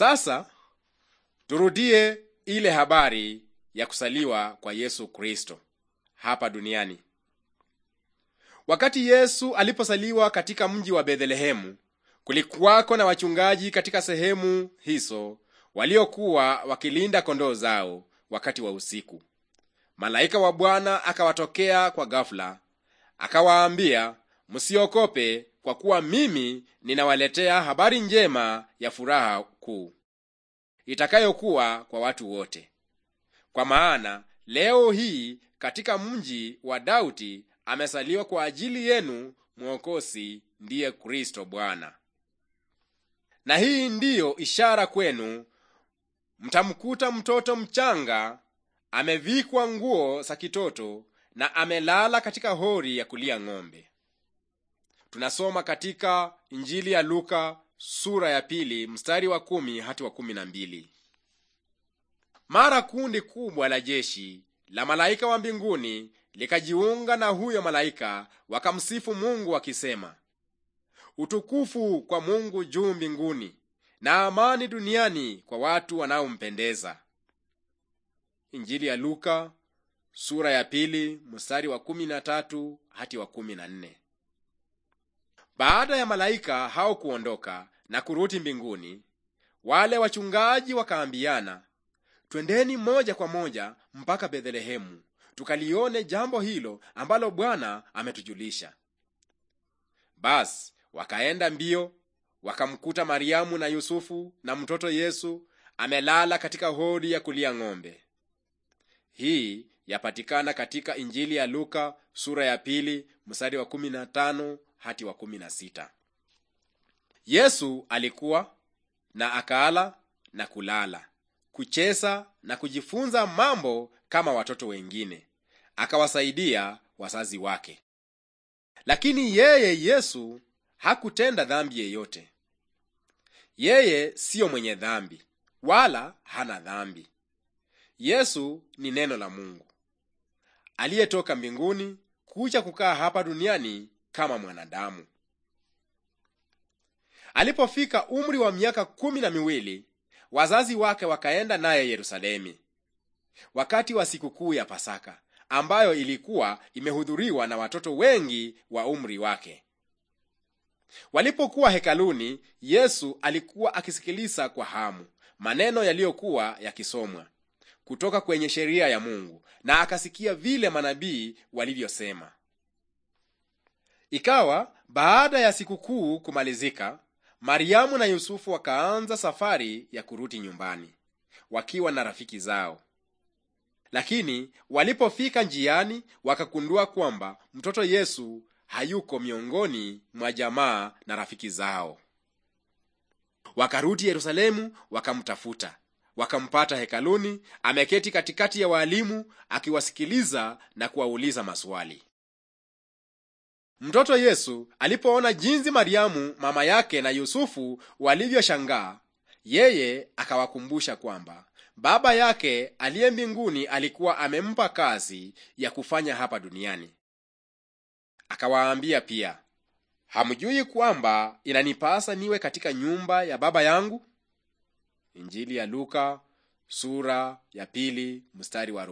Sasa turudie ile habari ya kusaliwa kwa Yesu Kristo hapa duniani. Wakati Yesu aliposaliwa katika mji wa Bethlehemu, kulikuwako na wachungaji katika sehemu hizo waliokuwa wakilinda kondoo zao wakati wa usiku. Malaika wa Bwana akawatokea kwa gafula akawaambia, msiogope, kwa kuwa mimi ninawaletea habari njema ya furaha kuu itakayokuwa kwa watu wote. Kwa maana leo hii katika mji wa Daudi amesaliwa kwa ajili yenu mwokosi ndiye Kristo Bwana. Na hii ndiyo ishara kwenu, mtamkuta mtoto mchanga amevikwa nguo za kitoto na amelala katika hori ya kulia ng'ombe. Tunasoma katika Injili ya Luka sura ya pili mstari wa kumi wa kumi na mbili. Mara kundi kubwa la jeshi la malaika wa mbinguni likajiunga na huyo malaika, wakamsifu Mungu wakisema, utukufu kwa Mungu juu mbinguni na amani duniani kwa watu wanaompendeza. Injili ya Luka sura ya pili mstari wa kumi na tatu wa kumi na nne. Baada ya malaika hao kuondoka na kurudi mbinguni, wale wachungaji wakaambiana, twendeni moja kwa moja mpaka Bethlehemu tukalione jambo hilo ambalo Bwana ametujulisha. Basi wakaenda mbio, wakamkuta Mariamu na Yusufu na mtoto Yesu amelala katika hori ya kulia ng'ombe. Hii yapatikana katika Injili ya Luka sura ya pili wa 15 hati wa kumi na sita. Yesu alikuwa na akaala na kulala, kucheza na kujifunza mambo kama watoto wengine, akawasaidia wazazi wake. Lakini yeye Yesu hakutenda dhambi yeyote. Yeye siyo mwenye dhambi wala hana dhambi. Yesu ni neno la Mungu aliyetoka mbinguni kuja kukaa hapa duniani kama mwanadamu. Alipofika umri wa miaka kumi na miwili, wazazi wake wakaenda naye Yerusalemi wakati wa sikukuu ya Pasaka ambayo ilikuwa imehudhuriwa na watoto wengi wa umri wake. Walipokuwa hekaluni, Yesu alikuwa akisikiliza kwa hamu maneno yaliyokuwa yakisomwa kutoka kwenye sheria ya Mungu, na akasikia vile manabii walivyosema. Ikawa baada ya sikukuu kumalizika, Mariamu na Yusufu wakaanza safari ya kurudi nyumbani wakiwa na rafiki zao, lakini walipofika njiani wakagundua kwamba mtoto Yesu hayuko miongoni mwa jamaa na rafiki zao. Wakarudi Yerusalemu, wakamtafuta, wakampata hekaluni, ameketi katikati ya waalimu akiwasikiliza na kuwauliza maswali. Mtoto Yesu alipoona jinsi Mariamu mama yake na Yusufu walivyoshangaa, yeye akawakumbusha kwamba Baba yake aliye mbinguni alikuwa amempa kazi ya kufanya hapa duniani. Akawaambia pia, hamjui kwamba inanipasa niwe katika nyumba ya Baba yangu? Injili ya Luka, sura ya pili, mstari wa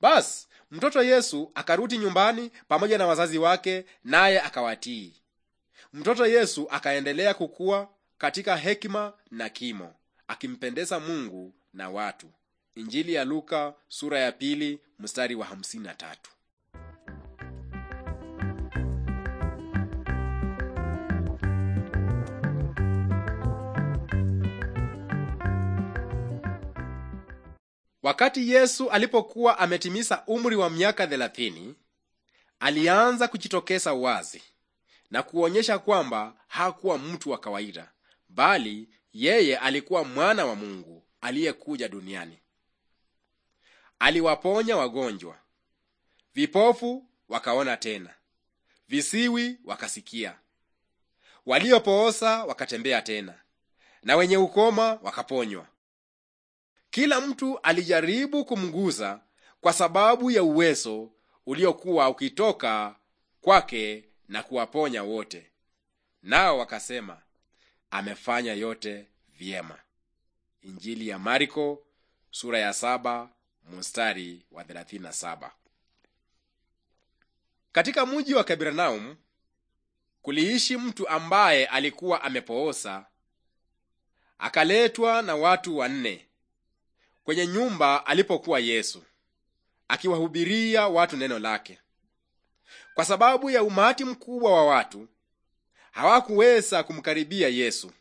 basi mtoto Yesu akarudi nyumbani pamoja na wazazi wake, naye akawatii. Mtoto Yesu akaendelea kukuwa katika hekima na kimo, akimpendeza Mungu na watu. Injili ya Luka sura ya pili mstari wa hamsini na tatu. Wakati Yesu alipokuwa ametimisa umri wa miaka thelathini, alianza kujitokeza wazi na kuonyesha kwamba hakuwa mtu wa kawaida, bali yeye alikuwa mwana wa Mungu aliyekuja duniani. Aliwaponya wagonjwa, vipofu wakaona tena, visiwi wakasikia, waliopooza wakatembea tena, na wenye ukoma wakaponywa. Kila mtu alijaribu kumguza kwa sababu ya uwezo uliokuwa ukitoka kwake na kuwaponya wote. Nao wakasema amefanya yote vyema. Injili ya sura ya saba mstari wa Katika mji wa Kapernaum kuliishi mtu ambaye alikuwa amepooza, akaletwa na watu wanne kwenye nyumba alipokuwa Yesu akiwahubiria watu neno lake. Kwa sababu ya umati mkubwa wa watu, hawakuweza kumkaribia Yesu,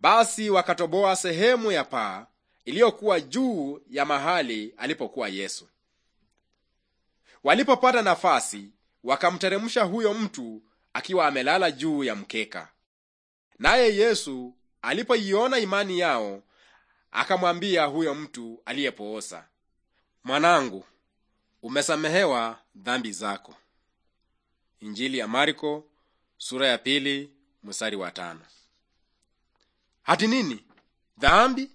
basi wakatoboa sehemu ya paa iliyokuwa juu ya mahali alipokuwa Yesu. Walipopata nafasi, wakamteremsha huyo mtu akiwa amelala juu ya mkeka. Naye Yesu alipoiona imani yao akamwambia huyo mtu aliyepoosa mwanangu umesamehewa dhambi zako injili ya marko sura ya pili mstari wa tano hati nini dhambi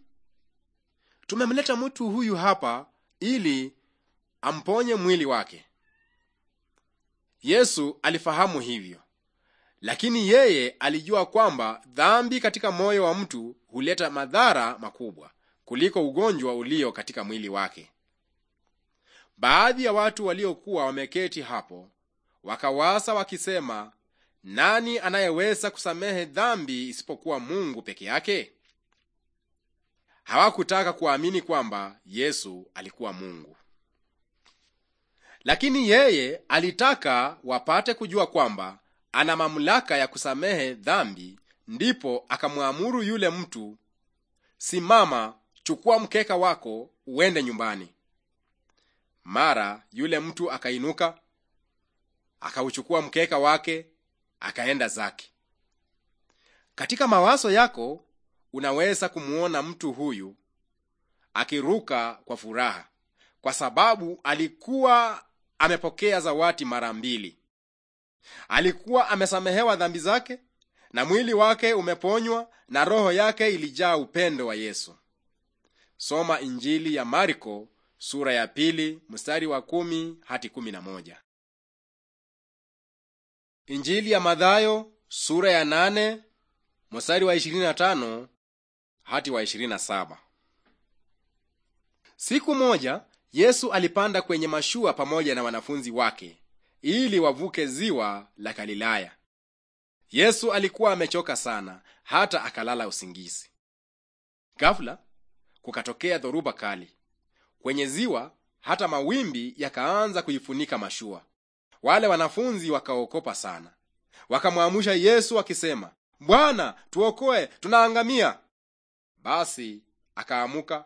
tumemleta mtu huyu hapa ili amponye mwili wake yesu alifahamu hivyo lakini yeye alijua kwamba dhambi katika moyo wa mtu huleta madhara makubwa kuliko ugonjwa ulio katika mwili wake. Baadhi ya watu waliokuwa wameketi hapo wakawasa wakisema, nani anayeweza kusamehe dhambi isipokuwa Mungu peke yake? Hawakutaka kuamini kwamba Yesu alikuwa Mungu, lakini yeye alitaka wapate kujua kwamba ana mamlaka ya kusamehe dhambi Ndipo akamwamuru yule mtu, simama, chukua mkeka wako uende nyumbani. Mara yule mtu akainuka, akauchukua mkeka wake, akaenda zake. Katika mawazo yako unaweza kumwona mtu huyu akiruka kwa furaha, kwa sababu alikuwa amepokea zawadi mara mbili. Alikuwa amesamehewa dhambi zake na mwili wake umeponywa na roho yake ilijaa upendo wa Yesu. Soma Injili ya Marko sura ya pili mstari wa kumi hadi kumi na moja. Injili ya Mathayo sura ya nane mstari wa ishirini na tano hadi wa ishirini na saba. Siku moja Yesu alipanda kwenye mashua pamoja na wanafunzi wake ili wavuke ziwa la Galilaya. Yesu alikuwa amechoka sana hata akalala usingizi. Ghafla kukatokea dhoruba kali kwenye ziwa, hata mawimbi yakaanza kuifunika mashua. Wale wanafunzi wakaokopa sana, wakamwamusha Yesu wakisema, Bwana, tuokoe, tunaangamia! Basi akaamuka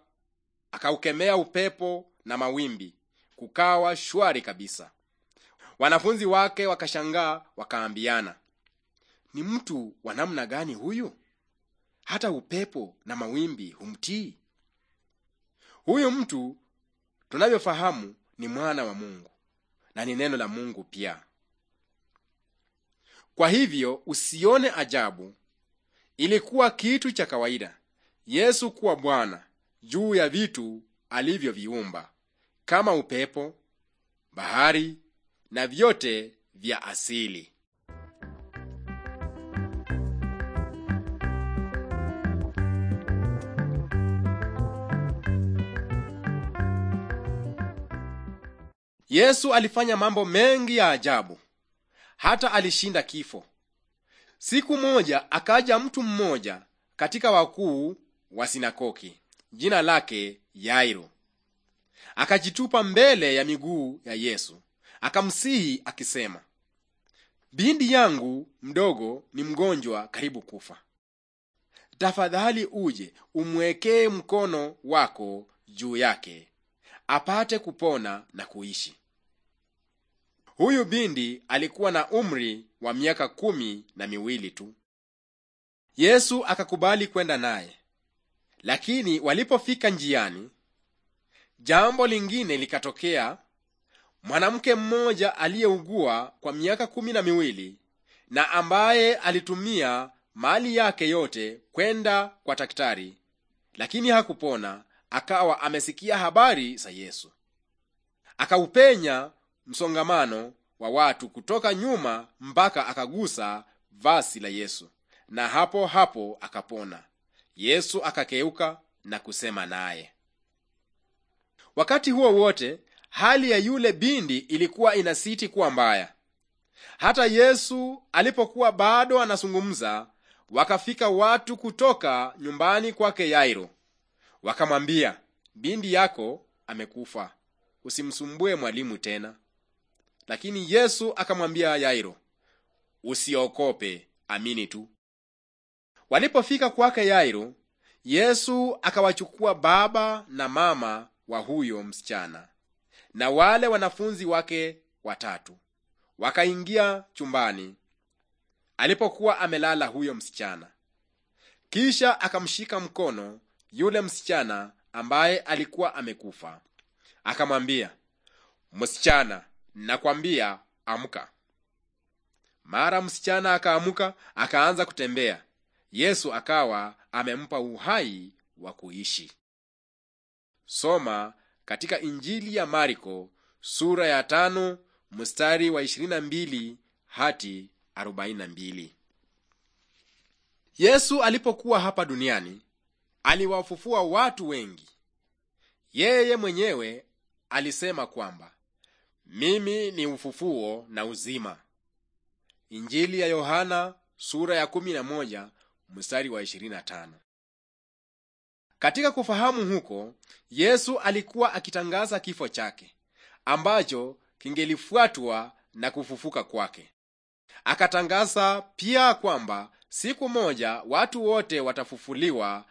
akaukemea upepo na mawimbi, kukawa shwari kabisa. Wanafunzi wake wakashangaa, wakaambiana ni mtu wa namna gani huyu? Hata upepo na mawimbi humtii. Huyu mtu tunavyofahamu ni mwana wa Mungu na ni neno la Mungu pia. Kwa hivyo usione ajabu, ilikuwa kitu cha kawaida Yesu kuwa Bwana juu ya vitu alivyoviumba kama upepo, bahari na vyote vya asili. yesu alifanya mambo mengi ya ajabu hata alishinda kifo siku moja akaja mtu mmoja katika wakuu wa sinagogi jina lake yairo akajitupa mbele ya miguu ya yesu akamsihi akisema bindi yangu mdogo ni mgonjwa karibu kufa tafadhali uje umwekee mkono wako juu yake apate kupona na kuishi Huyu bindi alikuwa na umri wa miaka kumi na miwili tu. Yesu akakubali kwenda naye, lakini walipofika njiani, jambo lingine likatokea. Mwanamke mmoja aliyeugua kwa miaka kumi na miwili na ambaye alitumia mali yake yote kwenda kwa daktari, lakini hakupona, akawa amesikia habari za Yesu, akaupenya msongamano wa watu kutoka nyuma mpaka akagusa vasi la Yesu, na hapo hapo akapona. Yesu akakeuka na kusema naye. Wakati huo wote hali ya yule bindi ilikuwa inasiti kuwa mbaya. Hata Yesu alipokuwa bado anazungumza, wakafika watu kutoka nyumbani kwake Yairo, wakamwambia, bindi yako amekufa, usimsumbue mwalimu tena. Lakini Yesu akamwambia Yairo, usiogope, amini tu. Walipofika kwake Yairo, Yesu akawachukua baba na mama wa huyo msichana na wale wanafunzi wake watatu, wakaingia chumbani alipokuwa amelala huyo msichana. Kisha akamshika mkono yule msichana ambaye alikuwa amekufa, akamwambia, msichana, nakwambia amka. Mara msichana akaamka akaanza kutembea. Yesu akawa amempa uhai wa kuishi. Soma katika Injili ya Mariko sura ya tano mstari wa ishirini na mbili hadi arobaini na mbili. Yesu alipokuwa hapa duniani aliwafufua watu wengi. Yeye mwenyewe alisema kwamba mimi ni ufufuo na uzima. Injili ya Yohana sura ya 11 mstari wa 25. Katika kufahamu huko, Yesu alikuwa akitangaza kifo chake ambacho kingelifuatwa na kufufuka kwake. Akatangaza pia kwamba siku moja watu wote watafufuliwa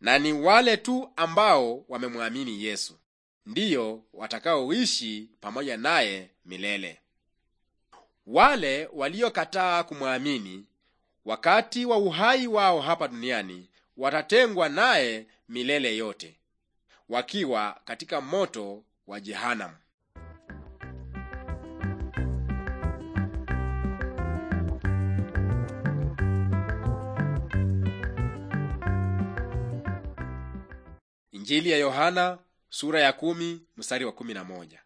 na ni wale tu ambao wamemwamini Yesu ndiyo watakaoishi pamoja naye milele. Wale waliokataa kumwamini wakati wa uhai wao hapa duniani watatengwa naye milele yote, wakiwa katika moto wa jehanamu. Injili ya Yohana sura ya kumi mstari wa kumi na moja.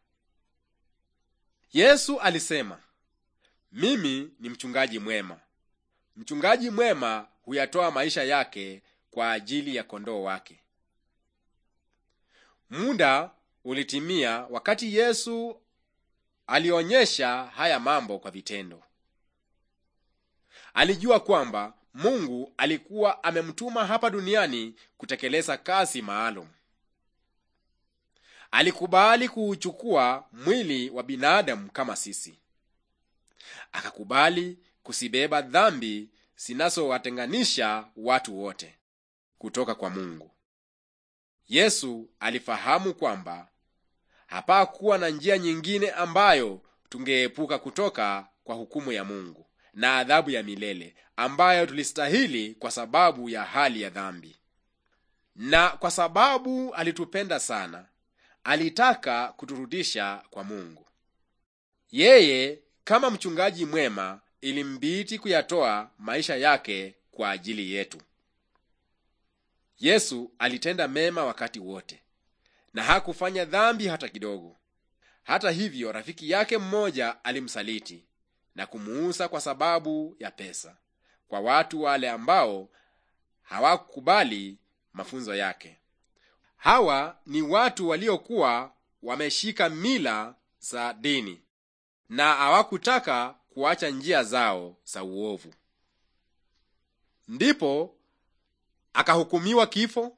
Yesu alisema, mimi ni mchungaji mwema. Mchungaji mwema huyatoa maisha yake kwa ajili ya kondoo wake. Muda ulitimia wakati Yesu alionyesha haya mambo kwa vitendo. Alijua kwamba Mungu alikuwa amemtuma hapa duniani kutekeleza kazi maalum alikubali kuuchukua mwili wa binadamu kama sisi, akakubali kusibeba dhambi zinazowatenganisha watu wote kutoka kwa Mungu. Yesu alifahamu kwamba hapakuwa na njia nyingine ambayo tungeepuka kutoka kwa hukumu ya Mungu na adhabu ya milele ambayo tulistahili kwa sababu ya hali ya dhambi. Na kwa sababu alitupenda sana, alitaka kuturudisha kwa Mungu. Yeye kama mchungaji mwema ilimbidi kuyatoa maisha yake kwa ajili yetu. Yesu alitenda mema wakati wote na hakufanya dhambi hata kidogo. Hata hivyo, rafiki yake mmoja alimsaliti na kumuuza kwa sababu ya pesa kwa watu wale ambao hawakukubali mafunzo yake. Hawa ni watu waliokuwa wameshika mila za dini na hawakutaka kuacha njia zao za uovu. Ndipo akahukumiwa kifo,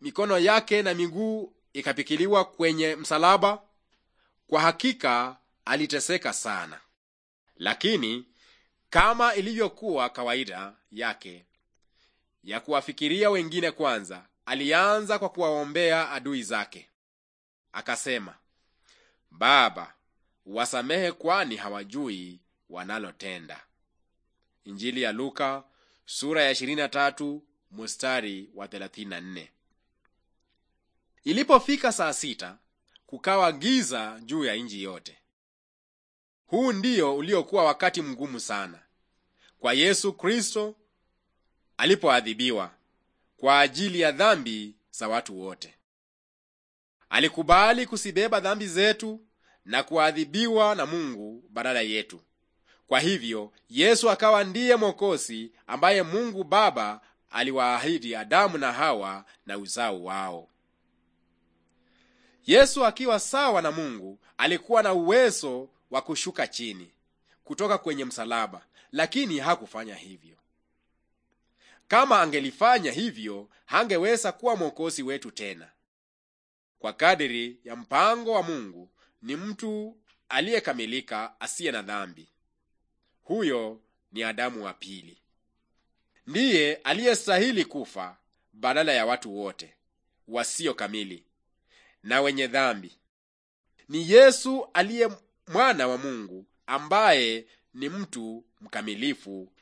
mikono yake na miguu ikapikiliwa kwenye msalaba. Kwa hakika aliteseka sana, lakini kama ilivyokuwa kawaida yake ya kuwafikiria wengine kwanza alianza kwa kuwaombea adui zake, akasema, Baba, wasamehe, kwani hawajui wanalotenda. Injili ya Luka sura ya 23 mstari wa 34. Ilipofika saa sita, kukawa giza juu ya nji yote. Huu ndiyo uliokuwa wakati mgumu sana kwa Yesu Kristo alipoadhibiwa kwa ajili ya dhambi za watu wote. Alikubali kusibeba dhambi zetu na kuadhibiwa na Mungu badala yetu. Kwa hivyo Yesu akawa ndiye Mwokozi ambaye Mungu Baba aliwaahidi Adamu na Hawa na uzao wao. Yesu akiwa sawa na Mungu alikuwa na uwezo wa kushuka chini kutoka kwenye msalaba, lakini hakufanya hivyo. Kama angelifanya hivyo, hangeweza kuwa mwokozi wetu tena. Kwa kadiri ya mpango wa Mungu, ni mtu aliyekamilika asiye na dhambi. Huyo ni Adamu wa pili, ndiye aliyestahili kufa badala ya watu wote wasio kamili na wenye dhambi. Ni Yesu aliye mwana wa Mungu ambaye ni mtu mkamilifu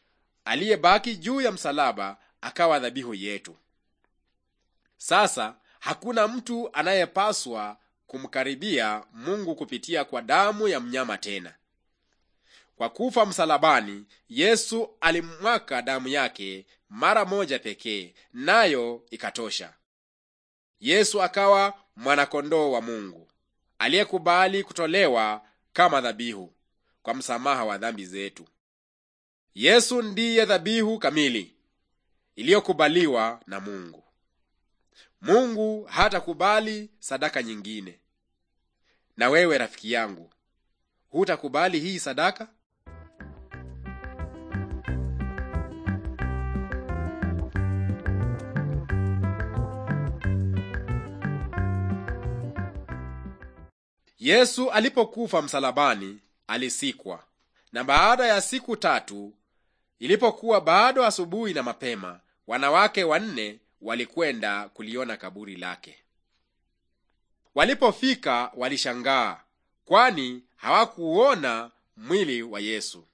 aliyebaki juu ya msalaba akawa dhabihu yetu. Sasa hakuna mtu anayepaswa kumkaribia Mungu kupitia kwa damu ya mnyama tena. Kwa kufa msalabani, Yesu alimwaka damu yake mara moja pekee, nayo ikatosha. Yesu akawa mwanakondoo wa Mungu aliyekubali kutolewa kama dhabihu kwa msamaha wa dhambi zetu. Yesu ndiye dhabihu kamili iliyokubaliwa na Mungu. Mungu hatakubali sadaka nyingine. Na wewe rafiki yangu, hutakubali hii sadaka? Yesu alipokufa msalabani, alisikwa, na baada ya siku tatu Ilipokuwa bado asubuhi na mapema, wanawake wanne walikwenda kuliona kaburi lake. Walipofika walishangaa, kwani hawakuona mwili wa Yesu.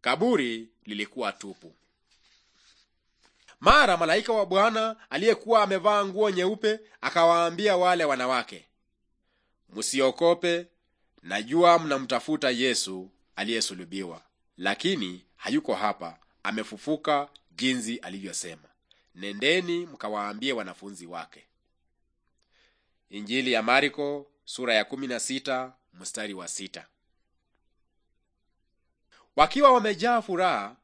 Kaburi lilikuwa tupu. Mara malaika wa Bwana aliyekuwa amevaa nguo nyeupe akawaambia wale wanawake, msiokope najua mnamtafuta Yesu aliyesulubiwa, lakini hayuko hapa, amefufuka jinsi alivyosema. Nendeni mkawaambie wanafunzi wake. Injili ya sura ya kumi na sita mstari wa sita. Wakiwa wamejaa furaha,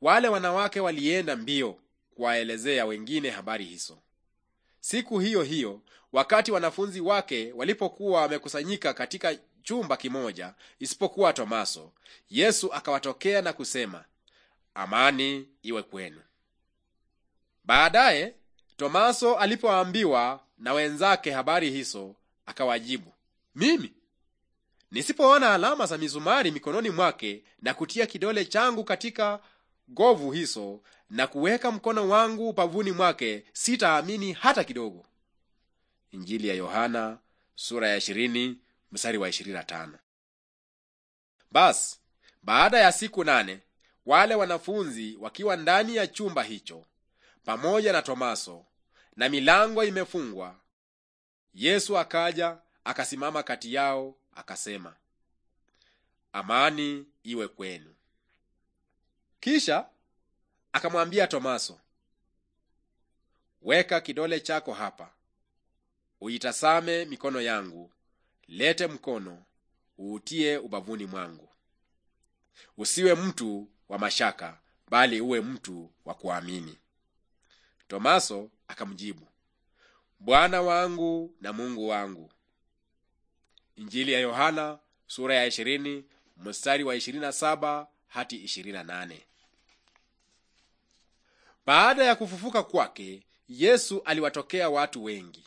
wale wanawake walienda mbio kuwaelezea wengine habari hizo. Siku hiyo hiyo, wakati wanafunzi wake walipokuwa wamekusanyika katika chumba kimoja isipokuwa Tomaso. Yesu akawatokea na kusema, amani iwe kwenu. Baadaye Tomaso alipoambiwa na wenzake habari hizo, akawajibu, mimi nisipoona alama za mizumari mikononi mwake na kutia kidole changu katika govu hizo na kuweka mkono wangu pavuni mwake, sitaamini hata kidogo. Injili ya Yohana, sura ya mstari wa 25. Basi baada ya siku nane wale wanafunzi wakiwa ndani ya chumba hicho pamoja na Tomaso na milango imefungwa, Yesu akaja akasimama kati yao akasema, amani iwe kwenu. Kisha akamwambia Tomaso, weka kidole chako hapa uitazame mikono yangu lete mkono uutie ubavuni mwangu. Usiwe mtu wa mashaka, bali uwe mtu wa kuamini. Tomaso akamjibu, Bwana wangu na Mungu wangu. Injili ya Yohana sura ya 20 mstari wa 27 hadi 28. Baada ya kufufuka kwake, Yesu aliwatokea watu wengi.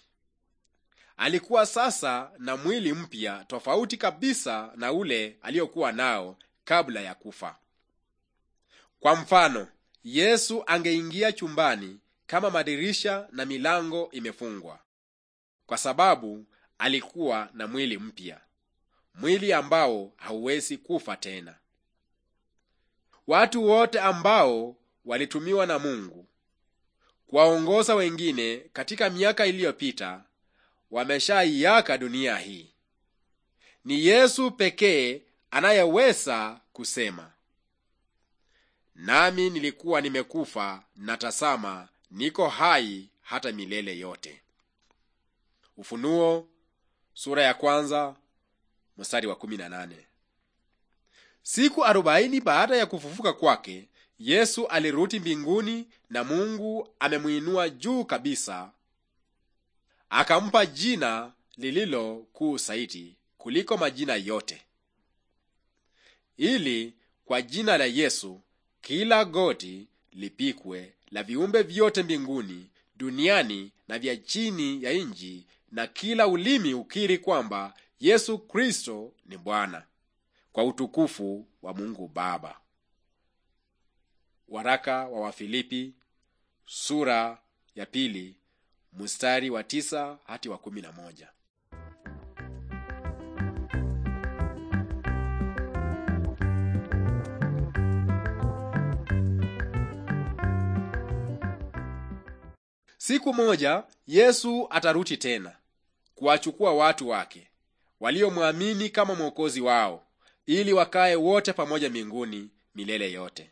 Alikuwa sasa na mwili mpya tofauti kabisa na ule aliyokuwa nao kabla ya kufa. Kwa mfano, Yesu angeingia chumbani kama madirisha na milango imefungwa, kwa sababu alikuwa na mwili mpya, mwili ambao hauwezi kufa tena. Watu wote ambao walitumiwa na Mungu kuwaongoza wengine katika miaka iliyopita wameshaiaka dunia hii. Ni Yesu pekee anayeweza kusema, nami nilikuwa nimekufa, na tasama niko hai hata milele yote. Ufunuo sura ya kwanza mstari wa kumi na nane. Siku arobaini baada ya kufufuka kwake Yesu alirudi mbinguni na Mungu amemwinua juu kabisa akampa jina lililo kuu saiti kuliko majina yote, ili kwa jina la Yesu kila goti lipikwe la viumbe vyote mbinguni, duniani na vya chini ya nji na kila ulimi ukiri kwamba Yesu Kristo ni Bwana, kwa utukufu wa Mungu Baba. Waraka wa Wafilipi sura ya pili mstari wa tisa hati wa kumi na moja. Siku moja Yesu ataruti tena kuwachukua watu wake waliomwamini kama mwokozi wao, ili wakaye wote pamoja mbinguni milele yote.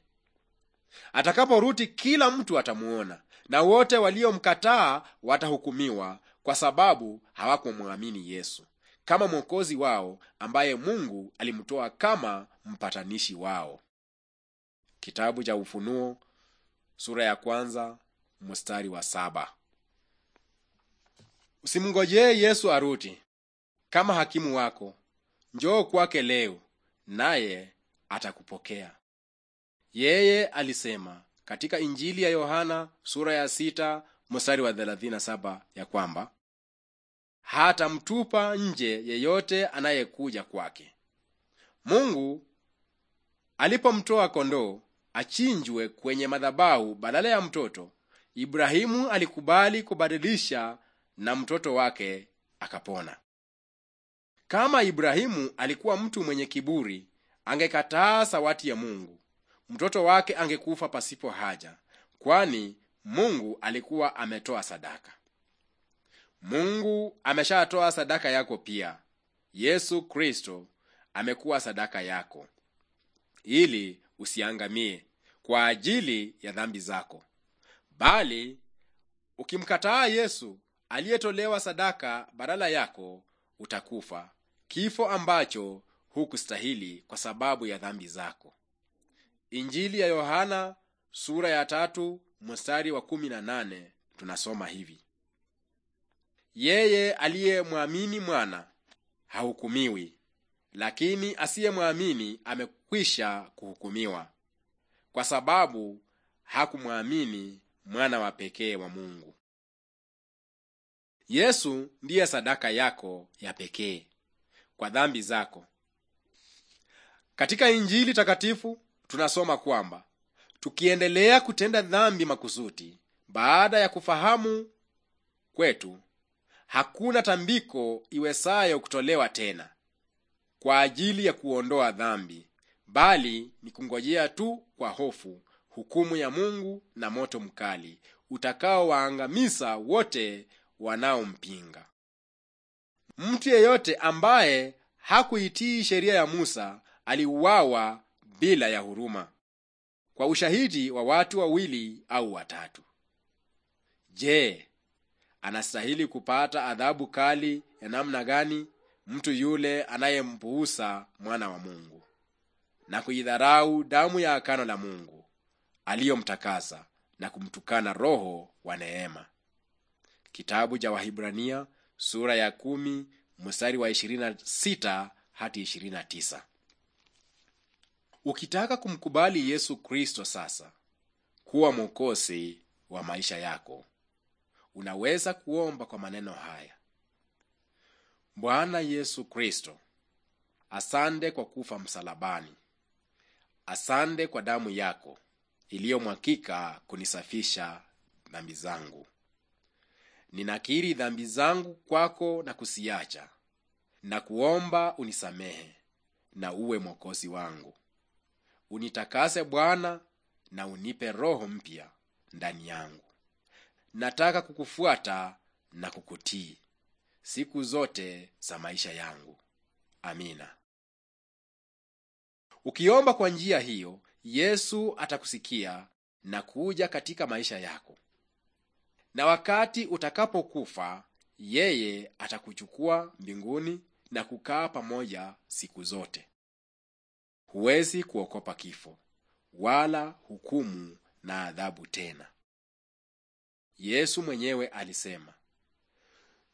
atakaporuti kila mtu atamuona na wote waliomkataa watahukumiwa, kwa sababu hawakumwamini Yesu kama mwokozi wao ambaye Mungu alimtoa kama mpatanishi wao. Kitabu cha Ufunuo sura ya kwanza mstari wa saba. Usimngojee Yesu arudi kama hakimu wako, njoo kwake leo, naye atakupokea. Yeye alisema, katika Injili ya Yohana sura ya sita mstari wa 37 ya kwamba hatamtupa nje yeyote anayekuja kwake. Mungu alipomtoa kondoo achinjwe kwenye madhabahu badala ya mtoto, Ibrahimu alikubali kubadilisha na mtoto wake akapona. Kama Ibrahimu alikuwa mtu mwenye kiburi, angekataa sawati ya Mungu mtoto wake angekufa pasipo haja, kwani Mungu alikuwa ametoa sadaka. Mungu ameshatoa sadaka yako pia. Yesu Kristo amekuwa sadaka yako ili usiangamie kwa ajili ya dhambi zako, bali ukimkataa Yesu aliyetolewa sadaka badala yako, utakufa kifo ambacho hukustahili kwa sababu ya dhambi zako. Injili ya Yohana sura ya tatu mstari wa kumi na nane tunasoma hivi: yeye aliyemwamini mwana hahukumiwi, lakini asiyemwamini amekwisha kuhukumiwa, kwa sababu hakumwamini mwana wa pekee wa Mungu. Yesu ndiye sadaka yako ya pekee kwa dhambi zako. Katika Injili takatifu tunasoma kwamba tukiendelea kutenda dhambi makusudi baada ya kufahamu kwetu, hakuna tambiko iwesayo kutolewa tena kwa ajili ya kuondoa dhambi, bali ni kungojea tu kwa hofu hukumu ya Mungu na moto mkali utakaowaangamiza wote wanaompinga. Mtu yeyote ambaye hakuitii sheria ya Musa aliuawa bila ya huruma kwa ushahidi wa watu wawili au watatu. Je, anastahili kupata adhabu kali ya namna gani mtu yule anayempuusa mwana wa Mungu na kuidharau damu ya akano la Mungu aliyomtakasa na kumtukana Roho wa neema? Kitabu cha Wahibrania sura ya kumi mstari wa hadi Ukitaka kumkubali Yesu Kristo sasa kuwa mwokozi wa maisha yako, unaweza kuomba kwa maneno haya: Bwana Yesu Kristo, asante kwa kufa msalabani. Asante kwa damu yako iliyomwakika kunisafisha dhambi zangu. Ninakiri dhambi zangu kwako na kusiacha, na kuomba unisamehe na uwe mwokozi wangu unitakase Bwana na unipe roho mpya ndani yangu. Nataka kukufuata na kukutii siku zote za maisha yangu. Amina. Ukiomba kwa njia hiyo, Yesu atakusikia na kuja katika maisha yako, na wakati utakapokufa, yeye atakuchukua mbinguni na kukaa pamoja siku zote. Huwezi kuokopa kifo wala hukumu na adhabu tena. Yesu mwenyewe alisema,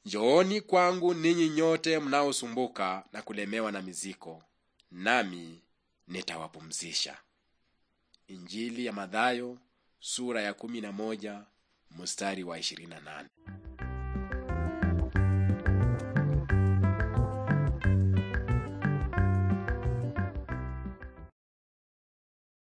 njooni kwangu ninyi nyote mnaosumbuka na kulemewa na miziko, nami nitawapumzisha. Injili ya Mathayo sura ya 11 mstari wa 28.